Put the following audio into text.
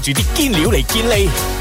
住啲堅料嚟堅你！